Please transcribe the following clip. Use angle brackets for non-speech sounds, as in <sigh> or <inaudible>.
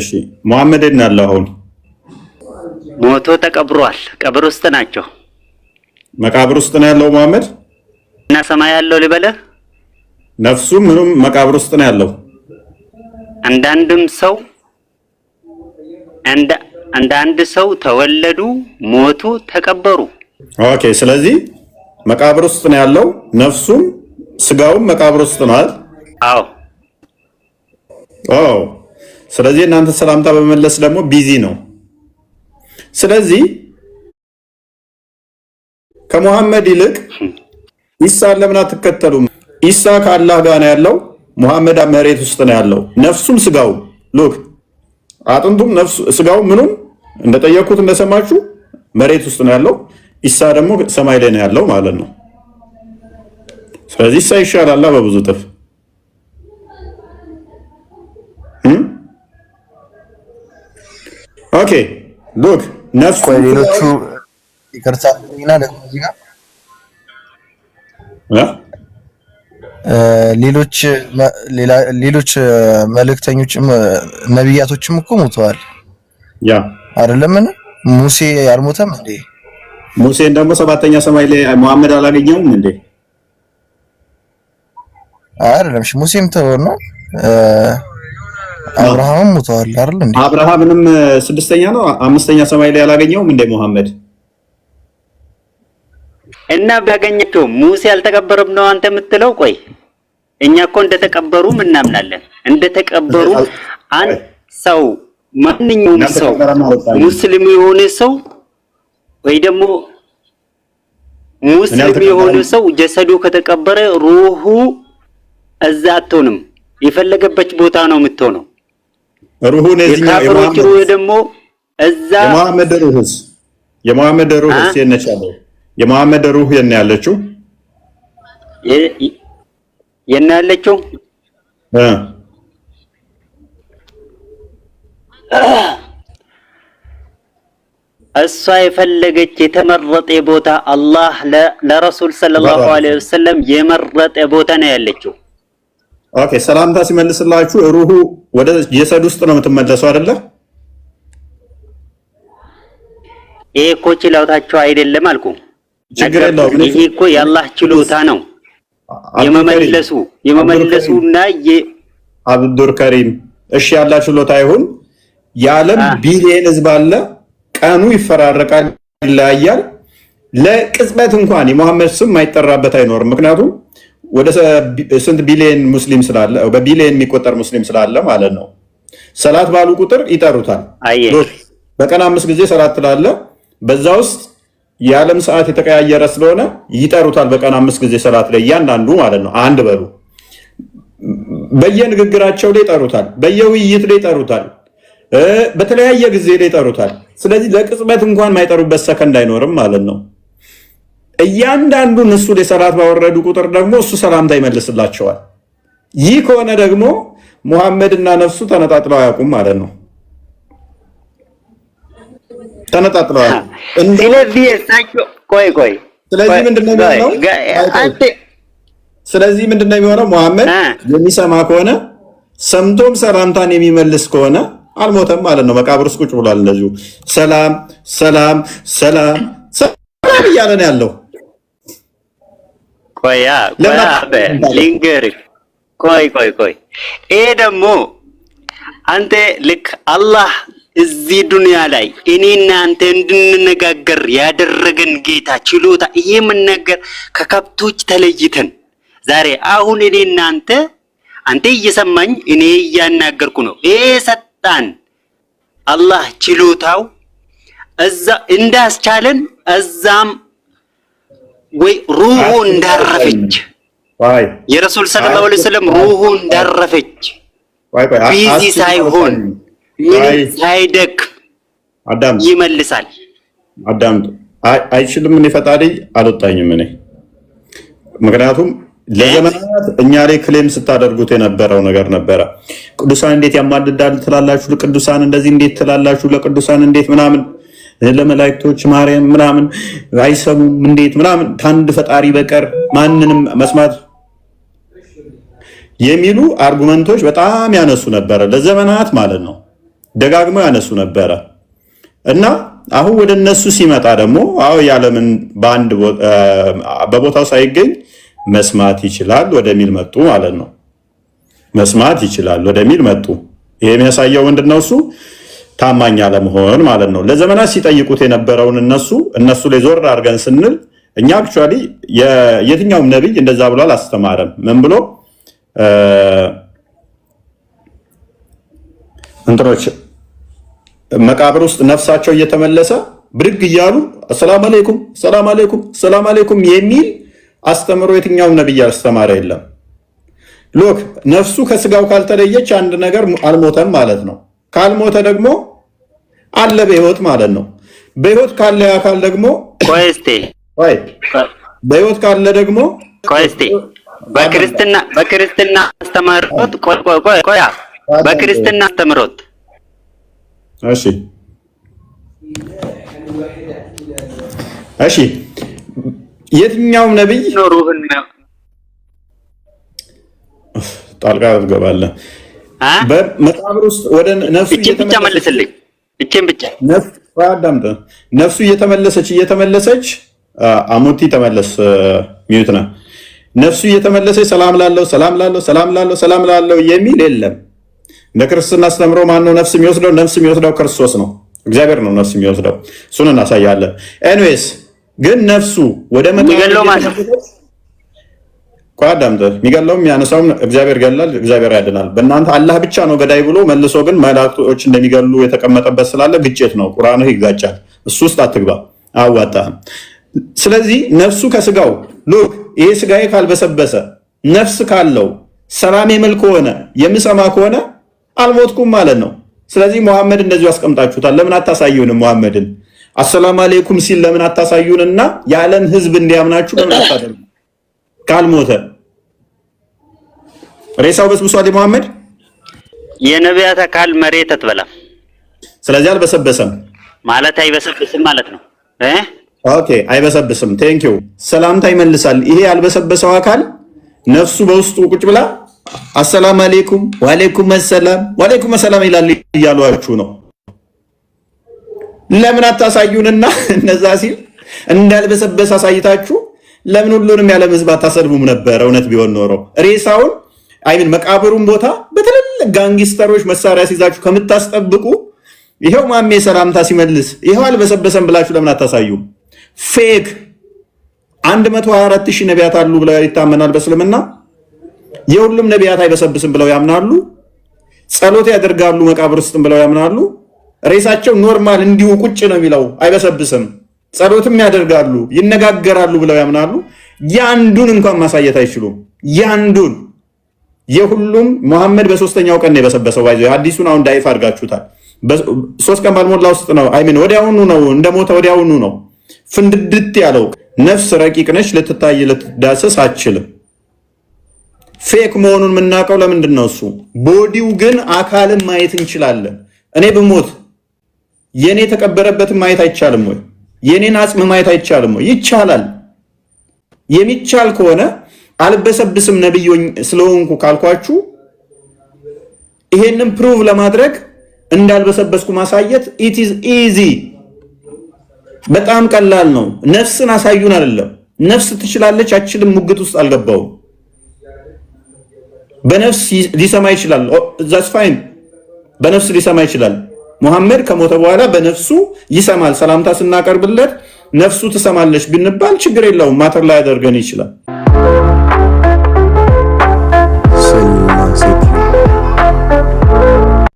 እሺ መሐመድ እናለ አሁን ሞቶ ተቀብሯል። ቀብር ውስጥ ናቸው። መቃብር ውስጥ ነው ያለው መሐመድ እና ሰማይ ያለው ሊበለ ነፍሱ ምንም መቃብር ውስጥ ነው ያለው። አንዳንድም ሰው እንደ አንድ ሰው ተወለዱ፣ ሞቱ፣ ተቀበሩ። ኦኬ። ስለዚህ መቃብር ውስጥ ነው ያለው። ነፍሱም ስጋውም መቃብር ውስጥ ነው አይደል? አዎ። ኦ ስለዚህ እናንተ ሰላምታ በመለስ ደግሞ ቢዚ ነው። ስለዚህ ከሙሐመድ ይልቅ ኢሳን ለምን አትከተሉም? ኢሳ ከአላህ ጋር ነው ያለው፣ ሙሐመድ መሬት ውስጥ ነው ያለው። ነፍሱም ስጋው ሉክ አጥንቱም ስጋው ምኑም እንደጠየኩት እንደሰማችሁ መሬት ውስጥ ነው ያለው። ኢሳ ደግሞ ሰማይ ላይ ነው ያለው ማለት ነው። ስለዚህ ኢሳ ይሻላል በብዙ እጥፍ። ኦኬ ዶክ ነፍስ ሌሎቹ ይቅርታ እና ደግሞ ሌሎች ሌሎች መልእክተኞችም ነቢያቶችም እኮ ሞተዋል። ያ አይደለምን? ሙሴ አልሞተም እንዴ? ሙሴን ደግሞ ሰባተኛ ሰማይ ላይ መሐመድ አላገኘውም እንዴ? አይደለም ሙሴም ተወው ነው አብርሃምም ሙተዋል አይደል እንዴ? አብርሃምንም ስድስተኛ ነው አምስተኛ ሰማይ ላይ አላገኘውም እንደ መሐመድ እና ቢያገኘችው ሙሴ አልተቀበረም ነው አንተ የምትለው? ቆይ እኛ እኮ እንደተቀበሩም እናምናለን። እንደተቀበሩ አንድ ሰው ማንኛውም ሰው ሙስሊም የሆነ ሰው ወይ ደግሞ ሙስሊም የሆነ ሰው ጀሰዱ ከተቀበረ ሩሁ እዛ አትሆንም። የፈለገበት ቦታ ነው የምትሆነው። ሩሁን የዚህኛው የመሐመድ ሩህ ደግሞ እዛ የመሐመድ ሩህስ የመሐመድ ሩህ የነች ያለው የመሐመድ ሩህ የነ ያለችው የነ ያለችው እ እሷ የፈለገች የተመረጠ ቦታ አላህ ለረሱል ሰለላሁ ዐለይሂ ወሰለም የመረጠ ቦታ ነው ያለችው። ኦኬ ሰላምታ ሲመልስላችሁ ሩሁ ወደ ጀሰድ ውስጥ ነው የምትመለሰው አይደለ? ይሄ እኮ ችሎታቸው አይደለም አልኩ። ችግር የለውም። ይሄ እኮ የአላህ ችሎታ ነው የመመለሱ የመመለሱና አብዱር ከሪም እሺ፣ ያላህ ችሎታ ይሁን። የዓለም ቢሊየን ህዝብ አለ። ቀኑ ይፈራረቃል፣ ይለያያል። ለቅጽበት እንኳን የመሐመድ ስም ማይጠራበት አይኖርም። ምክንያቱም ወደ ስንት ቢሊየን ሙስሊም ስላለ በቢሊየን የሚቆጠር ሙስሊም ስላለ ማለት ነው። ሰላት ባሉ ቁጥር ይጠሩታል። በቀን አምስት ጊዜ ሰላት ትላለ። በዛ ውስጥ የዓለም ሰዓት የተቀያየረ ስለሆነ ይጠሩታል። በቀን አምስት ጊዜ ሰላት ላይ እያንዳንዱ ማለት ነው አንድ በሉ በየንግግራቸው ላይ ይጠሩታል። በየውይይት ላይ ይጠሩታል። በተለያየ ጊዜ ላይ ይጠሩታል። ስለዚህ ለቅጽበት እንኳን ማይጠሩበት ሰከንድ አይኖርም ማለት ነው። እያንዳንዱን እሱ ላይ ሰላት ባወረዱ ቁጥር ደግሞ እሱ ሰላምታ ይመልስላቸዋል። ይህ ከሆነ ደግሞ ሙሐመድና ነፍሱ ተነጣጥለው አያውቁም ማለት ነው። ስለዚህ ቆይ ቆይ ስለዚህ ምንድነው የሚሆነው? ስለዚህ የሚሆነው? ሙሐመድ የሚሰማ ከሆነ ሰምቶም ሰላምታን የሚመልስ ከሆነ አልሞተም ማለት ነው። መቃብር ውስጥ ቁጭ ብሏል። እንደዚሁ ሰላም ሰላም ሰላም ሰላም እያለ ነው ያለው። ቆያ ቆያ ልንገርህ፣ ቆይ ቆይ ቆይ። ይሄ ደግሞ አንተ ልክ አላህ እዚህ ዱንያ ላይ እኔና አንተ እንድንነጋገር ያደረገን ጌታ ችሎታ፣ ይሄ ምን ነገር ከከብቶች ተለይተን ዛሬ አሁን እኔና አንተ አንተ እየሰማኝ እኔ እያናገርኩ ነው። ይሄ ሰጣን አላህ ችሎታው እዛ እንዳስቻለን እዛም ወይ ሩሁ እንዳረፈች የረሱል ሰለላሁ ዐለይሂ ወሰለም ሩሁ እንዳረፈች ቢዚ ሳይሆን ሳይደክ ሳይደክም ይመልሳል። አዳም አይችልም። እኔ ፈጣሪ አልወጣኝም። እኔ ምክንያቱም ለዘመናት እኛ ላይ ክሌም ስታደርጉት የነበረው ነገር ነበረ። ቅዱሳን እንዴት ያማልዳል ትላላችሁ፣ ለቅዱሳን እንደዚህ እንዴት ትላላችሁ፣ ለቅዱሳን እንዴት ምናምን ለመላእክቶች ማርያም ምናምን አይሰሙም እንዴት ምናምን ከአንድ ፈጣሪ በቀር ማንንም መስማት የሚሉ አርጉመንቶች በጣም ያነሱ ነበረ። ለዘመናት ማለት ነው ደጋግመው ያነሱ ነበረ እና አሁን ወደ እነሱ ሲመጣ ደግሞ አዎ የዓለምን በአንድ በቦታው ሳይገኝ መስማት ይችላል ወደሚል መጡ ማለት ነው። መስማት ይችላል ወደሚል መጡ። ይሄ የሚያሳየው ምንድን ነው እሱ ታማኝ አለመሆን ማለት ነው። ለዘመናት ሲጠይቁት የነበረውን እነሱ እነሱ ላይ ዞር አድርገን ስንል እኛ አክቹዋሊ የትኛውም ነቢይ እንደዛ ብሎ አላስተማረም። ምን ብሎ እንትኖች መቃብር ውስጥ ነፍሳቸው እየተመለሰ ብድግ እያሉ ሰላም አለይኩም፣ ሰላም አለይኩም፣ ሰላም አለይኩም የሚል አስተምሮ የትኛውም ነቢይ አስተማረ የለም። ሎክ ነፍሱ ከስጋው ካልተለየች አንድ ነገር አልሞተም ማለት ነው። ካልሞተ ደግሞ አለ በህይወት ማለት ነው። በህይወት ካለ አካል ደግሞ ቆይስቴ በህይወት ካለ ደግሞ ቆይስቴ በክርስትና በክርስትና አስተምሮት ቆይ ቆይ ቆይ በክርስትና አስተምሮት እሺ እሺ የትኛውም ነብይ ኖሩህን ጣልቃ ትገባለህ። በመቃብር ውስጥ ወደ ነፍስ ብቻ መልስልኝ። እቼም ብቻ ነፍሱ እየተመለሰች እየተመለሰች አሙቲ ተመለስ ሚዩት ነ ነፍሱ እየተመለሰች ሰላም ላለው ሰላም ላለው ሰላም ላለው ሰላም ላለው የሚል የለም። እንደ ክርስትና አስተምሮ ማነው ነፍስ የሚወስደው? ነፍስ የሚወስደው ክርስቶስ ነው፣ እግዚአብሔር ነው ነፍስ የሚወስደው። እሱን እናሳያለን። ኤንዌስ ግን ነፍሱ ወደ መ ቆይ አዳምጠህ የሚገለውም ያነሳውም እግዚአብሔር ገላል፣ እግዚአብሔር ያድናል። በእናንተ አላህ ብቻ ነው ገዳይ ብሎ መልሶ ግን መላእክቶች እንደሚገሉ የተቀመጠበት ስላለ ግጭት ነው። ቁርአኑ ይጋጫል። እሱ ውስጥ አትግባ፣ አዋጣህም። ስለዚህ ነፍሱ ከስጋው ሉክ ይሄ ስጋዬ ካልበሰበሰ ነፍስ ካለው ሰላም የምል ከሆነ የምሰማ ከሆነ አልሞትኩም ማለት ነው። ስለዚህ መሐመድ እንደዚሁ አስቀምጣችሁታል። ለምን አታሳዩንም? መሐመድን አሰላም አሌይኩም ሲል ለምን አታሳዩንና ያለን ህዝብ እንዲያምናችሁ ለምን አታደርጉ? ካልሞተ ሬሳው አለ መሐመድ የነቢያት አካል መሬት አትበላም። ስለዚህ አልበሰበሰም ማለት አይበሰብስም ማለት ነው። ኦኬ አይበሰብስም። ዩ ሰላምታ ይመልሳል። ይሄ ያልበሰበሰው አካል ነፍሱ በውስጡ ቁጭ ብላ አሰላም አለይኩም ወአለይኩም ሰላም ወአለይኩም ሰላም ይላል እያሏችሁ ነው። ለምን አታሳዩንና <laughs> እነዛ ሲል እንዳልበሰበሰ አሳይታችሁ ለምን ሁሉንም ያለ ህዝብ ታሰድቡም ነበር? እውነት ቢሆን ኖሮ ሬሳውን አይምን መቃብሩን ቦታ በትልልቅ ጋንጊስተሮች መሳሪያ ሲይዛችሁ ከምታስጠብቁ ይኸው ማሜ ሰላምታ ሲመልስ ይኸው አልበሰበሰም ብላችሁ ለምን አታሳዩም? ፌክ 124 ሺህ ነቢያት አሉ ብለው ይታመናል በእስልምና የሁሉም ነቢያት አይበሰብስም ብለው ያምናሉ። ጸሎት ያደርጋሉ መቃብር ውስጥም ብለው ያምናሉ። ሬሳቸው ኖርማል እንዲሁ ቁጭ ነው የሚለው አይበሰብስም። ጸሎትም ያደርጋሉ፣ ይነጋገራሉ ብለው ያምናሉ። ያንዱን እንኳን ማሳየት አይችሉም። ያንዱን የሁሉም መሐመድ በሶስተኛው ቀን ነው የበሰበሰው። ይዘ አዲሱን አሁን ዳይፍ አድርጋችሁታል። ሶስት ቀን ባልሞላ ውስጥ ነው አይሚን ወዲያውኑ ነው እንደሞተ ወዲያውኑ ነው ፍንድድት ያለው። ነፍስ ረቂቅ ነች፣ ልትታይ ልትዳሰስ አችልም። ፌክ መሆኑን የምናውቀው ለምንድን ነው? እሱ ቦዲው ግን አካልን ማየት እንችላለን። እኔ ብሞት የእኔ የተቀበረበትን ማየት አይቻልም ወይ? የኔን አጽም ማየት አይቻልም ወይ? ይቻላል። የሚቻል ከሆነ አልበሰብስም ነብይ ስለሆንኩ ካልኳችሁ ይሄንን ፕሩቭ ለማድረግ እንዳልበሰበስኩ ማሳየት ኢት ኢዝ ኢዚ በጣም ቀላል ነው። ነፍስን አሳዩን አይደለም። ነፍስ ትችላለች አችልም ሙግት ውስጥ አልገባውም። በነፍስ ሊሰማ ይችላል። ዛስ ፋይን። በነፍስ ሊሰማ ይችላል። ሙሐመድ ከሞተ በኋላ በነፍሱ ይሰማል። ሰላምታ ስናቀርብለት ነፍሱ ትሰማለች ብንባል ችግር የለውም። ማተር ላይ ያደርገን ይችላል።